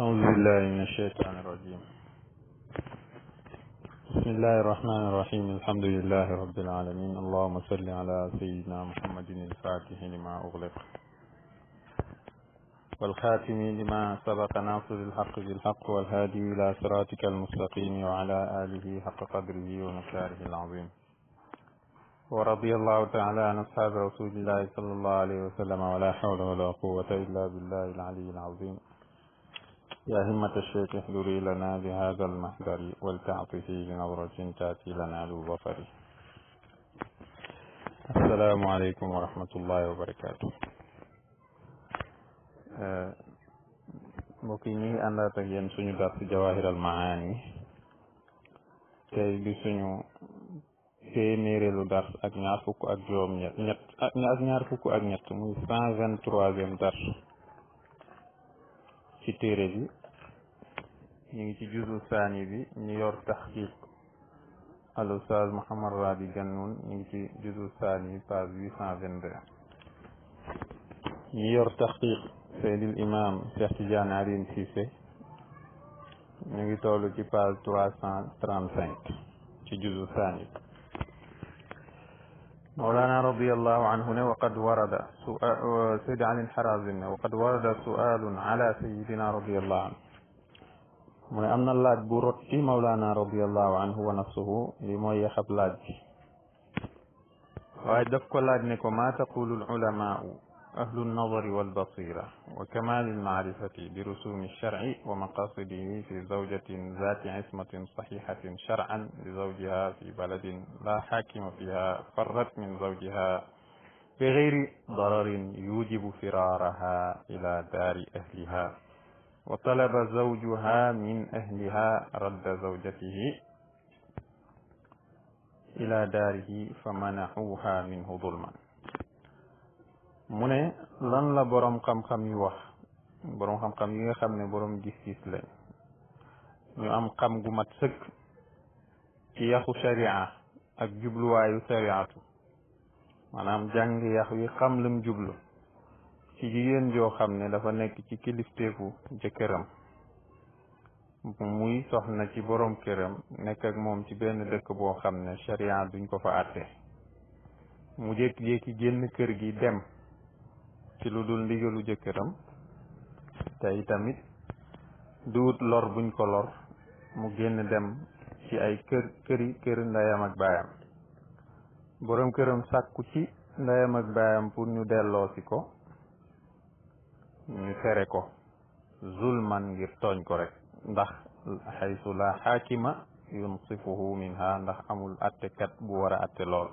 أعوذ بالله من الشيطان الرجيم بسم الله الرحمن الرحيم الحمد لله رب العالمين اللهم صل على سيدنا محمد الفاتح لما أغلق والخاتم لما سبق ناصر الحق بالحق والهادي إلى صراطك المستقيم وعلى آله حق قدره ومكاره العظيم ورضي الله تعالى عن أصحاب رسول الله صلى الله عليه وسلم ولا حول ولا قوة إلا بالله العلي العظيم يا همة الشيخ احذري لنا بهذا المحضر ولتعطه لنظرة تأتي لنا للظفر السلام عليكم ورحمة الله وبركاته مكيني أن لا تجين سنو دات جواهر المعاني كي بسنو في ميري لو دات أجنعفك أجوم نت أجنعفك أجنعت من 123 درس في تيري ñu ngi ci juzu saani bi ñu yor taxqiq al ustaz Mouhamad Rabi Gannoun ñu ngi ci juzu saani page huit cent vingt deux ñu yor taxqiq Seydil Imam Cheikh Tidiane Alioune Cissé ñu ngi toll ci page trois cent trente cinq ci juzu saani مولانا رضي الله عنه وقد ورد سؤال سيد علي الحرازم وقد ورد سؤال على سيدنا رضي الله عنه mooy am na laaj bu rot ci Mawlana radiallahu anhu wa nafsuhu li mooy yaxab laaj bi waaye daf ko laaj ne ko maa taqulu alulamaau ahlu alnadari walbasira wa kamaali almaarifati bi rusumi alsharci wa maqasidihi fi zawjatin zati ismatin saxihatin sharcan li zawjiha fi baladin la xaakima fiha farrat min zawjiha bi gayri dararin yujibu firaraha ila daari ahliha wa talaba zawjuha min ahliha radda zawjatihi ila daarihi fa manaxuha minhu zulman mu ne lan la boroom xam-xam yu wax boroom xam-xam yi nga xam ne boroom gis-gis lañ ñu am xam gu mat sëkk ci yaxu sharia ak jubluwaayu shariatu maanaam jàng yax wi xam lam jublu ci jigéen joo xam ne dafa nekk ci kilifteefu jëkkëram muy soxna ci borom këram nekk ak moom ci benn dëkk boo xam ne sharia duñ ko fa àtte mu jékki-jékki génn kër gi dem ci lu dul ndigalu jëkkëram te itamit duut lor buñ ko lor mu génn dem ci ay kër këri kër ndeyam ak baayam borom këram sàkku ci ndeyam ak baayam pour ñu delloo si ko ñu fere ko zulman ngir togn ko rek ndax haythu la hakima yunsifuhu minha ndax amul kat bu wara atte lool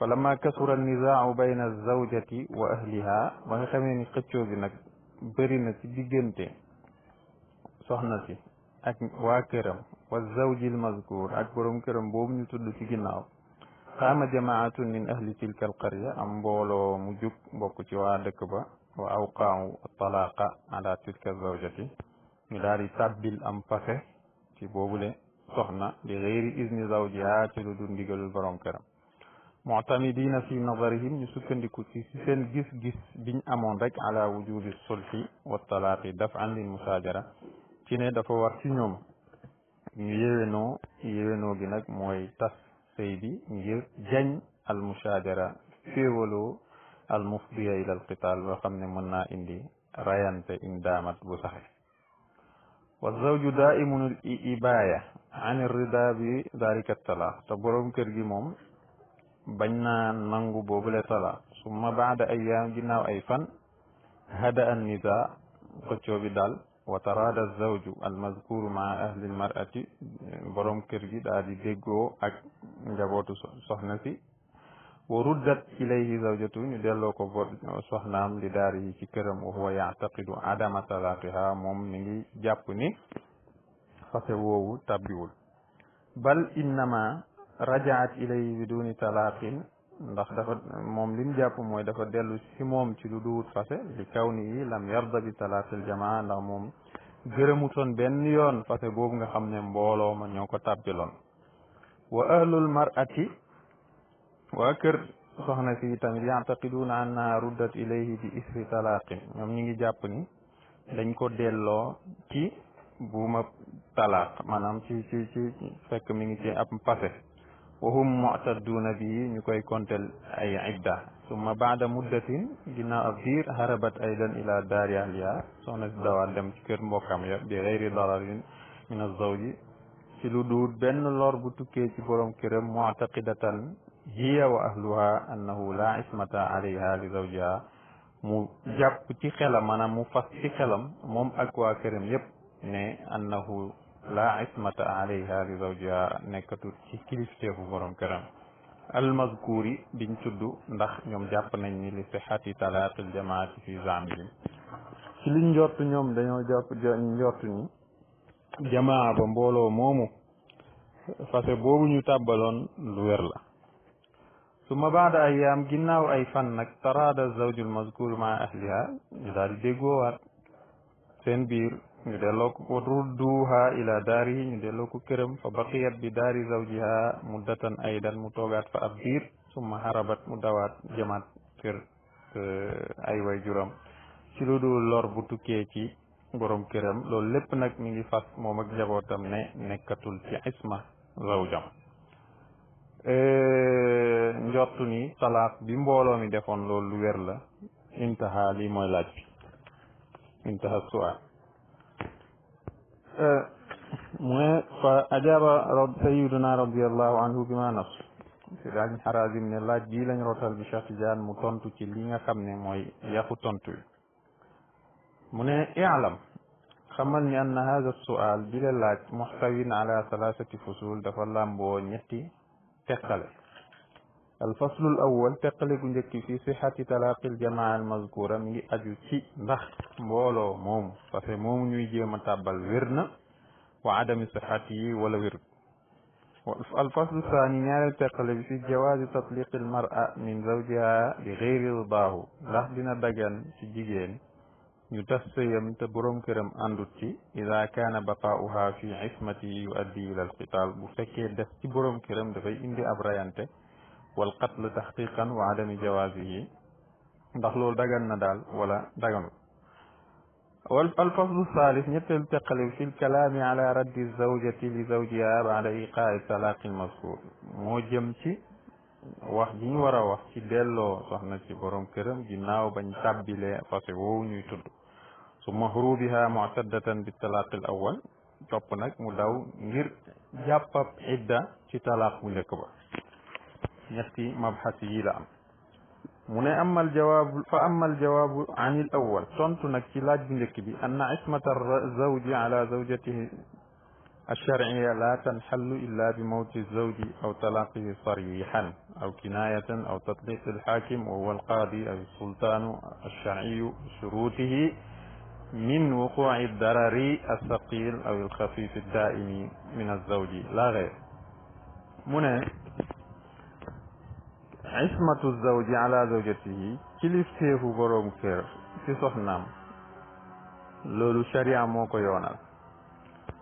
فلما كثر النزاع بين الزوجة وأهلها ما خمين قتشو بي نك بري نا سي ديغنتي سخنا سي اك وا كرم والزوج المذكور اك بروم كرم بوب ني تود قام جماعة من أهل تلك القرية أم بولو مجوك بوكو تي وا دك با wa awqaawu talaaqa ala tilka zawjati ñu daal di sàbbil am pase ci boobule soxna li xëyri izni zawjiha ci lu dul ndigalul borom këram mutamidina fi nazarihim ñu sukkandiku ci seen gis-gis biñ amoon rek ala wujubi sulhi wa talaaqi dafan lil musaajara ci ne dafa war ci ñoom ñu yéwénoo gi nag mooy tas sëy bi ngir jañ al musaajara المفضيه الى القتال وخمن منا اندي ريانت اندامت بو بصحي والزوج دائم الإباية عن الرضا بذلك الطلاق تبرم كرجي موم بنا نانغو بوبل طلاق ثم بعد ايام جناو اي فن هدأ النزاع قتشو بدال وتراد الزوج المذكور مع اهل المرأة برم كرجي دادي ديغو اك جابوتو سوحنتي wa ruddat ilayhi zawjatu ñu delloo ko bo soxnaam li daar yi ci këram wa huwa yactaqidu adama talaqiha moom mi ngi jàpp ni fase woowu tabbiwul bal innama rajaat ilayhi bi duni talaqin ndax dafa moom lim jàpp mooy dafa dellu si moom ci lu duwut fase li kawni yi lam yarda bi talaqil jamaa ndax moom gërëmutoon benn yoon fase boobu nga xam ne mbooloo ma ñoo ko tabbiloon wa ahlul mar'ati waa kër soxna si tamit yaataqiduuna anna ruddat ilayhi bi isri talaaqin ñoom ñi ngi jàpp ni dañ ko delloo ci buuma talaaq maanaam ci ci ci fekk mi ngi ci ab passé wahum mu'tadduuna bii ñu koy kontel ay idda summa baada muddatin ginnaaw ab diir harabat aydan ila daari ahliha soxna si dem ci kër mbokkam ya bi gayri dararin min az-zawji ci lu duut benn lor tukkee ci borom këram mu'taqidatan hiya wa ahluha annahu la ismata alayha li zawjiha mu jàpp ci xelam maanaam mu fas ci xelam moom ak waa këram yépp ne annahu la ismata alayha li zawjiha nekkatul ci kilifteefu borom këram almazkuuri biñ tudd ndax ñoom jàpp nañ ni li sihati talaaqil jamaati fi zamihim ci liñ njortu ñoom dañoo jàpp njortu ni jamaa ba mbooloo moomu fase boobu ñu tàbbaloon lu wér la summa baada ayaam ginnaaw ay fan nag taraada zawjul mazkur ma ahliha ñu daal di déggoowaat seen biir ñu delloo ko rudduha ila daarihi ñu delloo ko këram fa baqiyat bi daari zawjiha muddatan aydan mu toogaat fa ab biir summa harabat mu dawaat jëmaat kër ay way juram ci lu dul lor bu tukkee ci borom këram loolu lépp nag mi ngi fas moom ak njabootam ne nekkatul ci isma zawjam njottu ni salaat bi mbooloo mi defoon loolu lu wér la intaha lii mooy laaj bi intaha suwaal mu ne fa ajaaba rab sayiduna radiallahu bi ma nas si daaj xaraasim ne laaj bii lañu rotal bi Cheikh Tidiane mu tontu ci li nga xam ne mooy yaxu tontu mu ne ilam xamal ni ann hada sual bi la laaj muxtawin alaa salaasati fusul dafa làmboo ñetti تقل آه. الفصل الاول تقلق نك في صحه تلاقي الجماعه المذكوره من اديو سي نخ مولو موم فاسي موم نوي جيما تابال ويرنا وعدم صحته ولا وير الفصل الثاني نال التقلب في جواز تطليق المرأة من زوجها بغير رضاه لا دينا بجان في جيجين ñu tas sëyam te boroom këram àndut ci ida kaana baqaauha fi ismati yuaddi ila alqitaal bu fekkee des ci boroom këram dafay indi ab rayante wal qatl taxqiqan wa adami jawaasihi ndax loolu dagan na daal wala daganul wal alfaslu saalis ñetteelu teqale fi lkalaami ala raddi zawjati li zawjiha baada iqaai talaaqi almazkur moo jëm ci wax ji ñu war a wax ci delloo soxna ci borom këram ginnaaw bañ tàbbilee fase woowu ñuy tudd مهروبها معتدة بالطلاق الأول تبقى مدعو غير جابب عدة في طلاق ملكبة نفتي مبحث يلا من أما الجواب فأما الجواب عن الأول تنتنا كلاج ملكبي أن عصمة الزوج على زوجته الشرعية لا تنحل إلا بموت الزوج أو طلاقه صريحا أو كناية أو تطبيق الحاكم وهو القاضي أو السلطان الشرعي شروطه min wuquci darari alsaqil aw alxafif daaimi min alzawji la geyr mu ne ismatu zawji ala zawjatihi kilifteefu boroom kër ci soxnaam loolu sharia moo ko yoonal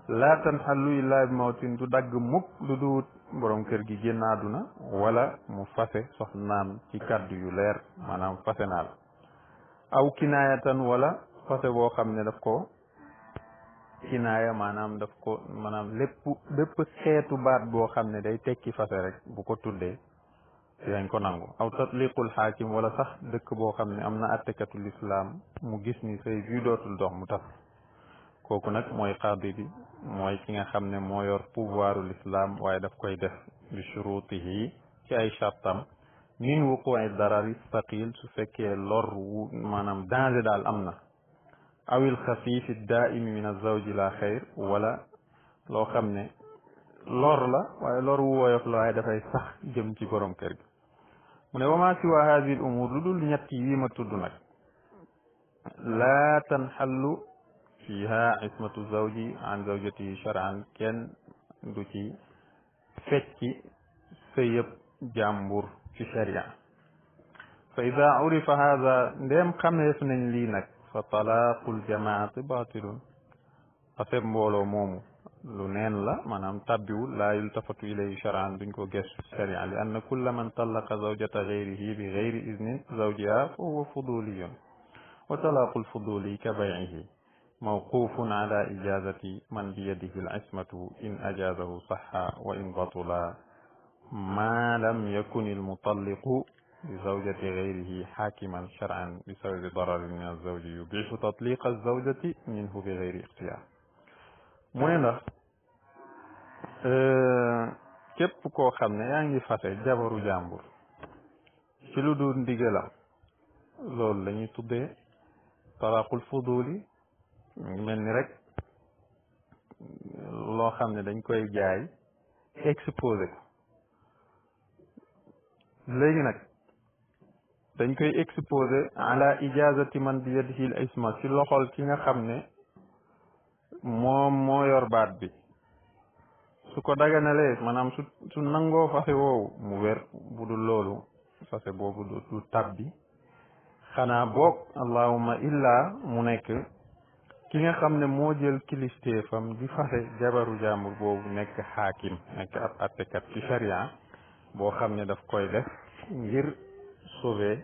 laa tanxallu illaa bi mawtin du dagg mukk lu duut boroom kër gi génn àdduna wala mu fase soxnaam ci kàddu yu leer maanaam fase naa la aw kinaayatan wala côté boo xam ne daf ko kinaaya maanaam daf ko maanaam lépp bépp xeetu baat boo xam ne day tekki fase rek bu ko tuddee dañ ko nangu aw tatliqul xaakim wala sax dëkk boo xam ne am na attekatu lislaam mu gis ni say bii dootul dox mu tas kooku nag mooy xaadi bi mooy ki nga xam ne moo yor pouvoiru lislaam waaye daf koy def bi shurutihi ci ay chartam min wuqu'i darari saqil su fekkee lor wu maanaam danger daal am na أو الخفيف الدائم من الزوج خير ولا لو خمنا لور لا ولور هو يفلا هذا في صح جم تبرم كرب من وما سوى هذه الأمور لدول نتي ما تدونك لا تنحل فيها عصمة الزوج عن زوجته شرعا كان دوتي فتي سيب جامبور في شريعة فإذا عرف هذا لم خمس من لينك فطلاق الجماعة باطل أفهم بولو مومو لنين لا منام تبيو لا يلتفت إليه شرعا بنكو جسر شرعا لأن كل من طلق زوجة غيره بغير إذن زوجها فهو فضولي وطلاق الفضولي كبيعه موقوف على إجازة من بيده العصمة إن أجازه صح وإن بطل ما لم يكن المطلق لزوجة غيره حاكما شرعا بسبب ضرر من الزوج يبيح تطليق الزوجة منه بغير اختيار مهنا أه كيف بكو خمنا يعني فتح جبر جامبر شلو دون ديجلا لول لني تبه طلاق الفضولي من رك لو خمنا دين كوي جاي اكسبوزك لكنك dañ koy exposé ala ijazati man bi yadihi al isma ci loxol ki nga xam ne moom moo yor baat bi su ko daganalee maanaam su su nangoo fase woowu mu wér bu du loolu fase boobu du du tabbi xanaa boog allahuma illa mu nekk ki nga xam ne moo jël kilifteefam di fase jabaru jaambur boobu nekk xaakim nekk ab attekat ci sharia boo xam ne daf koy def ngir sauver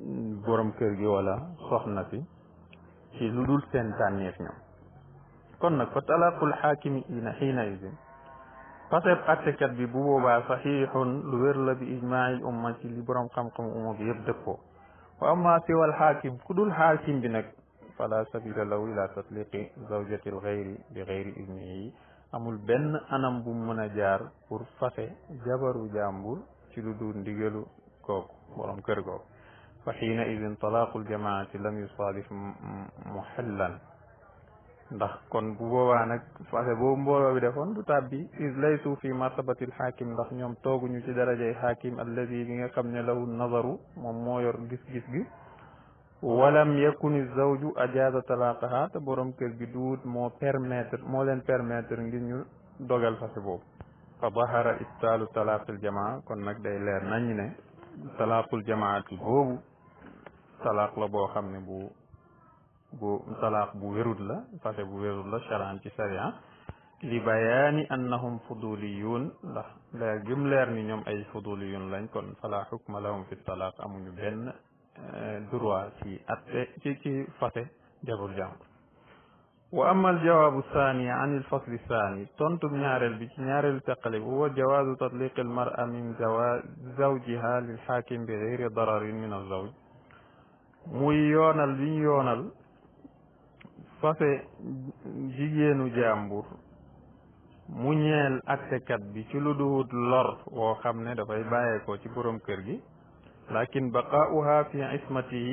mm, borom kër gi wala soxna si ci lu dul seen tànneef ñoom kon nag fa talaqul xaakimi ina xiina isin paseb attekat bi bu boobaa saxiixun lu wér la bi ijmail umma ci li borom xam-xam bi yëpp dëppoo wa amma siwal xaakim ku dul xaakim bi nag fala sabila lahu ila tatliqi zawjati l xayri bi xayri iznihi amul benn anam bu mën a jaar pour fase jabaru jàmbur ci lu dul ndigalu كوب ورمكركوب فحينئذ طلاق الجماعة لم يصادف محلا ndax kon bu boobaa nag fase boobu mbooloo bi defoon du tàbbi is laysu fi martabatil xaakim ndax ñoom tooguñu ci darajay xaakim alladi bi nga xam ne lahu nazaru moom moo yor gis-gis gi walam yakun zawju ajaza talaqaha te borom kër gi duut moo permettre moo leen permettre ngir ñu dogal fase boobu fa bahara ibtaalu talaqil jamaa kon nag day leer nañ ne talaaqul jamaati boobu talaaq la boo xam ne bu bu talaaq bu wérut la fase bu wérut la charan ci sharia li bayaani annahum fuduliyun ndax leer gim leer ni ñoom ay fuduliyun lañ kon fala xukma lahum fi talaaq amuñu benn eh, droit ci atte ci ci fase jabar jàmbur وأما الجواب الثاني عن الفصل الثاني تنت من هارل بتنارل تقلب هو جواز تطليق المرأة من زواج زوجها للحاكم بغير ضرر من الزوج ميونال بيونال فصل جيين جامبور مونيل اتكات بي سي لودوت لور و خامن بايكو سي بروم لكن بقاؤها في عصمته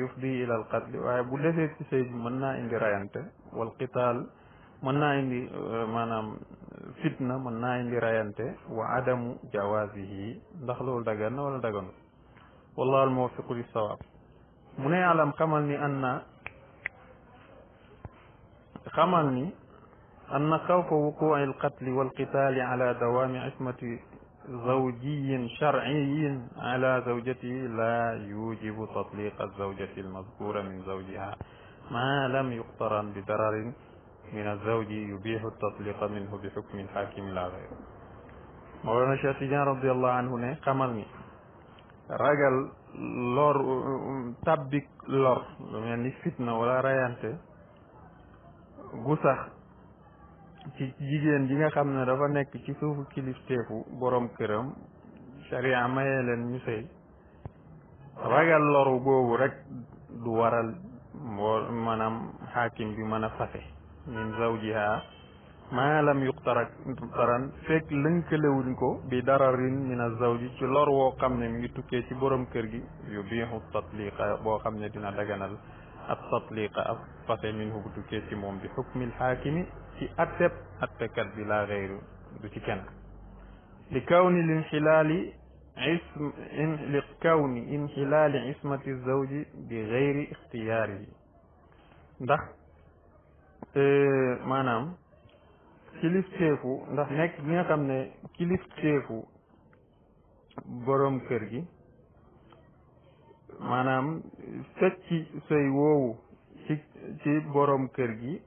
يفضي الى القتل و بو ديفيت مننا اندي رايانته والقتال من نايندي مانام فتنه من نايندي رايانتي وعدم جوازه دخلوا دغان ولا دغان والله الموفق للصواب من يعلم خملني ان خملني ان خوف وقوع القتل والقتال على دوام عصمه زوجي شرعي على زوجته لا يوجب تطليق الزوجه المذكوره من زوجها ما لم يقترن بضرر من الزوج يبيح التطليق منه بحكم الحاكم لا غير مولانا شاتيجان رضي الله عنه نه خمال رجل لور تبك لور يعني فتنة ولا ريانت غسخ ci jigéen ji nga xam ne dafa nekk ci suufu kilifteeku borom këram sharia mayee leen ñu sëy ragal loru boobu rek du waral mboo maanaam xaakim bi mën a fase min zawjiha maalam yuqtarak taran fekk lënkalewuñ ko bi dararin min azawji ci lor woo xam ne mi ngi tukkee ci borom kër gi yu biixu tatliqa boo xam ne dina daganal ab tatliqa ab fase min hu bu tukkee ci moom bi xukmil xaakimi ci atteb attekat bi laa xeyru du ci kenn li kawni linxilaali ism li kawni inxilaali ismati zawji bi xeyri ixtiyaarihi ndax euh, maanaam kilifteefu ndax nekk bi nga xam ne kilifteefu boroom kër gi maanaam fecci sëy woowu ci ci boroom kër gi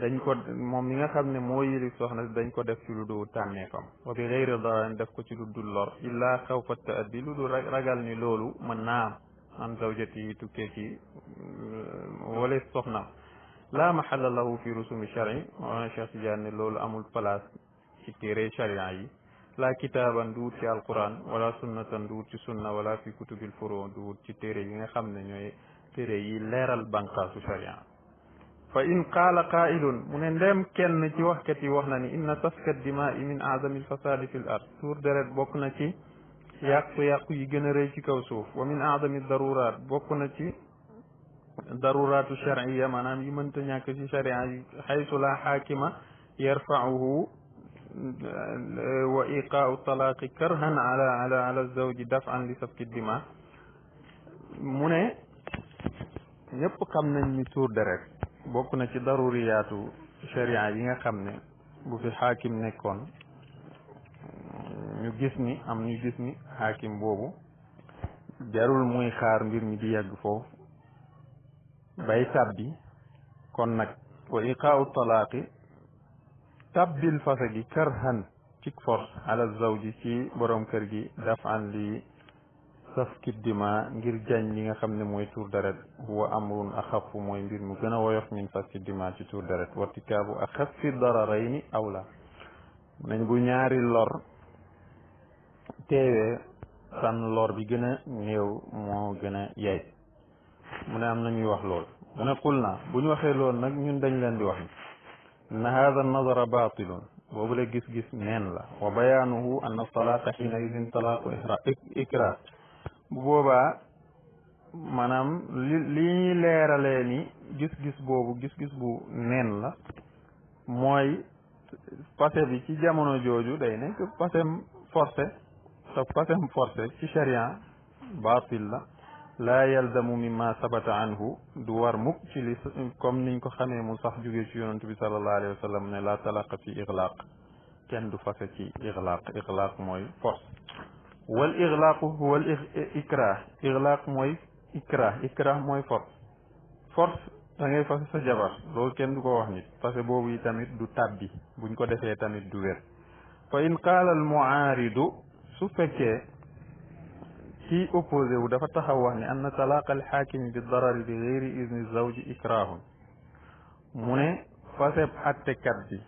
dañ ko moom mi nga xam ne moo yilif soxna si dañ ko def ci lu dul tànneefam wa bi gayri dararin def ko ci lu dul lor illaa xawfa taaddi lu dul ragal ni loolu mën naa am عن زوجته تكيتي وليس soxnaam laa maxalla lahu fi rusumi shari maanaam Cheikh Tidiane ne loolu amul place ci téere sharia yi laa kitaaban duwut ci alquran wala sunnatan duwut ci sunna wala fi kutubil furo duwut ci téere yi nga xam ne ñooy téere yi leeral banqaasu sharia fa in qaala qaailun mu ne ndeem kenn ci waxkat yi wax na ni inna safka dimaai min aazami alfasaadi fi l ard tuur deret bokk na ci yàqu-yàqu yi gën a rëy ci kaw suuf wa min aadami daruraat bokk na ci daruraatu charia maanaam yi mënta ñàkk ci charia yi xaysu la xaakima yarfauhu wa iqaau talaaqi karhan ala ala ala zawji dafan li safki dima mu ne ñëpp xam nañ ni tuur deret bokk na ci daruriyaatu charia yi nga xam ne bu fi xaakim nekkoon ñu gis ni am ñu gis ni xaakim boobu jarul mooy xaar mbir mi di yàgg foofu bay tàbbi kon nag wa iqaau talaaqi tàbbil fase gi karhan cig force ala zawji ci borom kër gi daf an li safki dima ngir jañ li nga xam ne mooy tuur deret huwa amrun axafu mooy mbir mu gën a woyof min safki dima ci tuur deret wartikaabu axafi dararayni awla nañ bu ñaari lor teewee tànn lor bi gën a néew moo gën a yaay mu ne am na ñuy wax lool mu ne qul naa bu ñu waxee lool nag ñun dañ leen di wax ni na hada nazara batilun boobu la gis-gis neen la wa bayaanuhu anna salaata xiina idin talaaqu ihra ikrar bu boobaa maanaam li li ñuy leeralee ni gis-gis boobu gis-gis bu neen la mooy passé bi ci jamono jooju day nekk passé forcé te fasem forcé ci sharia baatil la laa yalzamu ma sabata anhu du war mukk ci li comme niñ ko xamee mu sax jóge ci yonent bi sallallahu alayhi wa sallam ne la talaqa fi iglaq kenn du fase ci iglaq iglaq mooy force wal iglaqu huwa al eh, ikrah mooy ikrah ikrah mooy force force da ngay jabar loolu kenn du ko wax nit fase boobu yi tamit du tàbbi buñ ko defee tamit du wér fa in qaala al muaaridu su fekkee kii opposé wu dafa taxaw wax ne anna talaaq alxaakim bi darari bi xëyri isni zawji ikraahun mu ne faseb attekat bi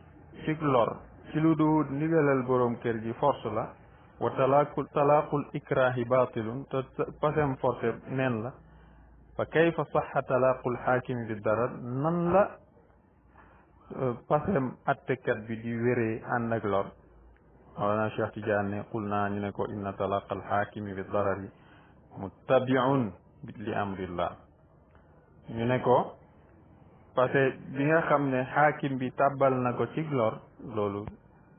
ci lor ci lu duwut ndigalal boroom kër gi force la wa talaaqul talaaqul ikraahi baatilun te fasem forcé neen la fa kayfa saxa talaaqul xaakim bi darar nan la fasem attekat bi di wéree ànd ak lor mawlana cheikh tidiane ne qul naa ñu ne ko inna talaqa alxaakimi bi darari muttabiun li amrillah ñu ne ko parce que bi nga xam ne xaakim bi tàbbal na ko ci loolu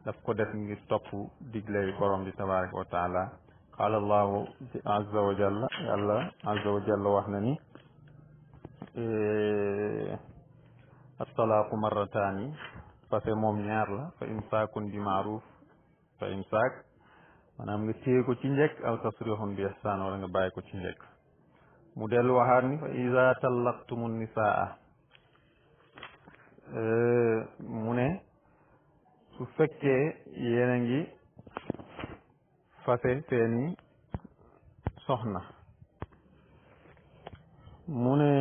daf ko def ngir topp diglay borom bi tabaraka wa taala qaala allahu azza wa jalla yàlla azza wa jalla wax na ni e, attalaaqu moom ñaar la fa imsaakun bi maaruf fa imsaak maanaam nga téye ko ci njëkk aw tasrihun bi ihsaan wala nga bàyyi ko ci njëkk mu dellu waxaat ni fa iza tallaqtumu nisaa euh, mu ne su fekkee yéen a ngi fase seeni soxna mu ne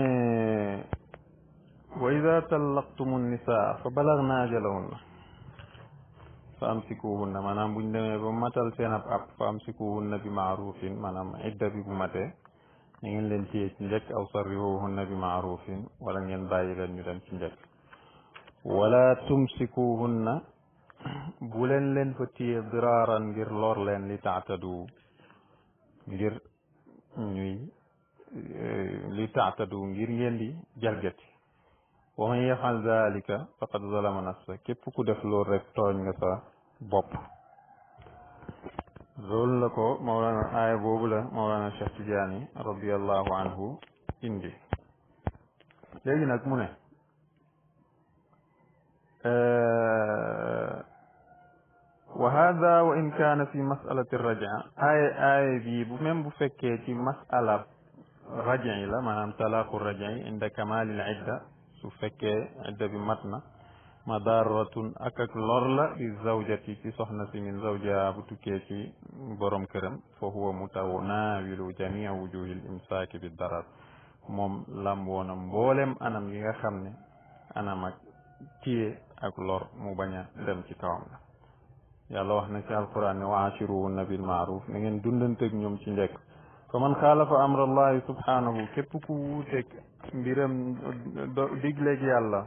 wa iza tallaqtumu nisaa fa balagna ajalahunna fa amsikuhunna maanaam buñ demee ba matal seen ab ab fa amsikuhunna bi maarufin maanaam idda bi bu matee na ngeen leen téye ci njëkk aw sarrihuhunna bi maarufin wala ngeen bàyyi leen ñu dem ci njëkk wala tumsikuhunna bu leen leen fa téye ngir lor leen li taatadu ngir ñuy eh, li taatadu ngir ngeen di jalgati wa man yafal dalika faqad zalama képp ku def loolu rek tooñ nga sa bopp loolu la ko mawlana aaya boobu la mawlana cheikh tidiane radiallahu anhu indi léegi nag mu ne wa hada wa in kaana fi masalati rajaa aaya aaya bii bu même bu fekkee ci masala rajaa la maanaam talaaqu rajaa inda kamalil idda su fekkee idda bi mat na madaratun ak ak lor la li zawjati ci soxna si min zawja bu tukkee ci borom këram fa huwa mutawaawilu jamia wujuhil imsaaki bi darar moom lam mboolem anam yi nga xam ne anam ak tiye ak lor mu bañ a dem ci kawam la yàlla wax na ci alquran ne wa ashiruhunna bil maaruf na ngen dundanteeg ñoom ci njëkk fa man xaalafa amrallahi subhanahu képp ku wuuteeg mbiram digleeg yàlla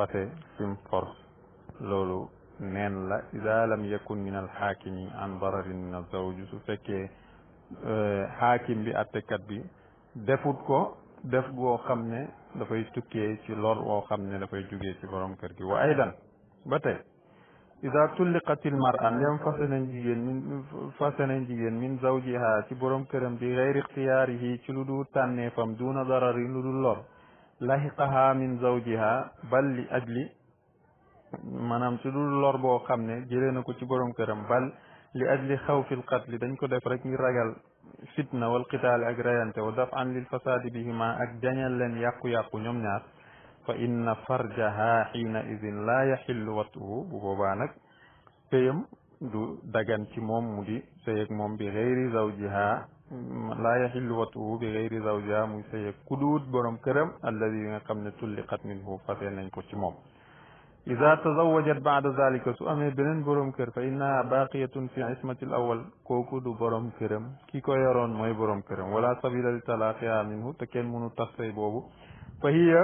fate sim for loolu neen la ida lam yakun min alxaakimi an dararin min azawji su fekkee xaakim euh, bi attekat bi defut ko def woo xam ne dafay tukkee ci lor woo xam ne dafay jugee ci borom kër gi wa aydan bate tey ida tulliqatil mar'a ndem fase nañ jigéen min fase nañ zawjiha ci borom këram bi gayri ixtiyaarihi ci lu dul tànneefam duuna dararin lu dul lor laxiqaha min zawjiha bal li ajli maanaam su dul lor boo xam ne jëlee na ko ci borom këram bal li ajli xawfil qatli dañ ko def rek ngir ragal fitna wal qitaal ak rayante wa daf an lil fasaadi bihima ak jañal leen yàqu-yàqu ñoom ñaar fa inna farjaha xiina idin laa yaxillu watuhu bu boobaa nag péyam du dagan ci moom mu di sëy bi xeyri zawjiha laa yaxillu watuhu bi gayri zawjiha muy sëye kuduut borom këram alladi yi nga xam ne tulliqat minhu fasee nañ ko ci moom ida tazawajat baada zalika su amee beneen borom kër fa innaha baqiyatun fi ismati l awal kooku du borom këram ki ko yoroon mooy borom këram wala sabila li talaaqiha minhu te kenn mënu tas sëy boobu fa hiya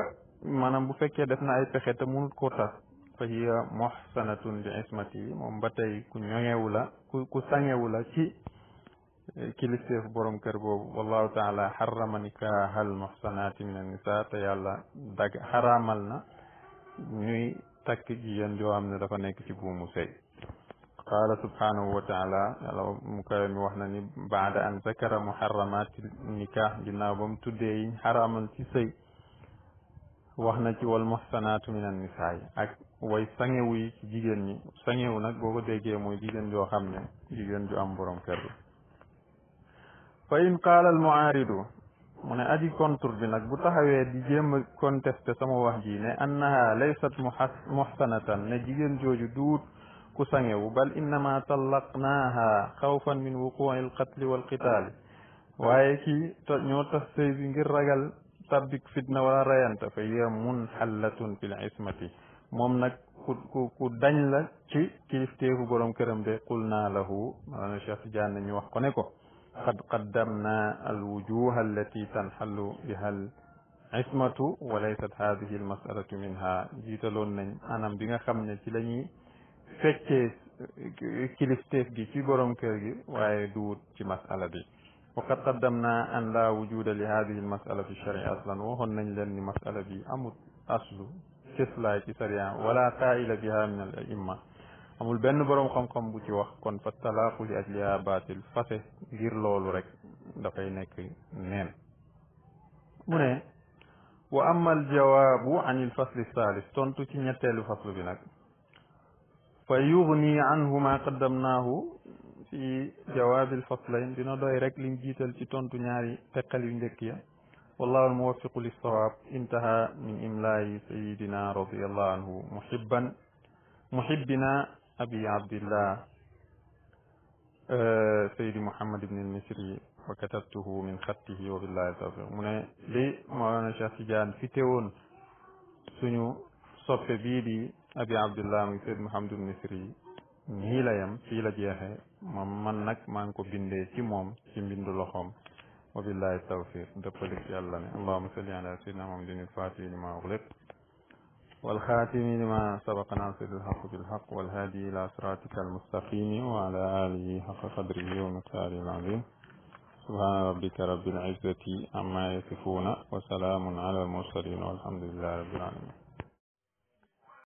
maanaam bu fekkee def na ay pexe te mënut koo tas fa hiya muhsanatun bi ismati moom ba tey ku ñoŋewu la ku ku saŋewu la ci كليسيف بروم كير والله تعالى حرم نكاح المحصنات من النساء تيالا دغ حراملنا ني تك جيان جو امنا دا نيك سي بومو سي قال سبحانه وتعالى يلا مكرم واخنا ني بعد ان ذكر محرمات النكاح جنا بام تودي حرام سي سي واخنا سي والمحصنات من النساء اك واي سانيوي سي جيجن ني سانيو نك بوكو ديجي موي جيجن جو خامني جيجن جو ام بروم كير فإن قال المعارض من أجي كونتر بنك بتحوي دي جيم كونتست سمو وحجي لأنها ليست محسنة نجيل جوج دود كسنيو بل إنما طلقناها خوفا من وقوع القتل والقتال وايكي تنيو تستي بنجر رجل تبك فتنة ولا ريان فهي منحلة في العصمة ممنك ku dañ la ci kilifteeku borom këram de qulna lahu manana cheikh jann ñu قد قدمنا الوجوه التي تنحل بها العصمة وليست هذه المسألة منها جيتلون أنا بيغا خمنا سلاني فكيس كيلستيف جي في بروم كيس واي دور في مسألة دي وقد قدمنا أن لا وجود لهذه المسألة في الشرع أصلا وهن نجلن مسألة دي أمود أصل كسلا كسريا ولا قائل بها من الأئمة amul benn borom xam-xam bu ci wax kon fa talaaqu li ajliha baatil fase ngir loolu rek dafay nekk neen mu ne wa amma al jawaabu an il fasli salis tontu ci ñetteelu faslu bi nag fa yugni anhu ma qaddamnaahu fi jawaabil faslayn dina doy rek liñ jiital ci tontu ñaari teqal yu njëkk ya wallahu almuwafiqu lissawaab intaha min imlaayi sayidina radiallahu anhu muhibban muhibbina أبي عبد الله آه، سيدي محمد بن المصري فكتبته من خطه وبالله التوفيق من لي ما أنا شخصي جان في تون سنو صف بيدي أبي عبد الله من سيد محمد بن المصري نهيلا يم في لجيه ما من نك ما نكو بندي تيموم تيم بندو لخوم وبالله التوفيق دبلك يا الله اللهم صل على سيدنا محمد الفاتح لما أغلق والخاتم لما سبق ناصر الحق بالحق والهادي إلى صراطك المستقيم وعلى آله حق قدره ومقداره العظيم سبحان ربك رب العزة عما يصفون وسلام على المرسلين والحمد لله رب العالمين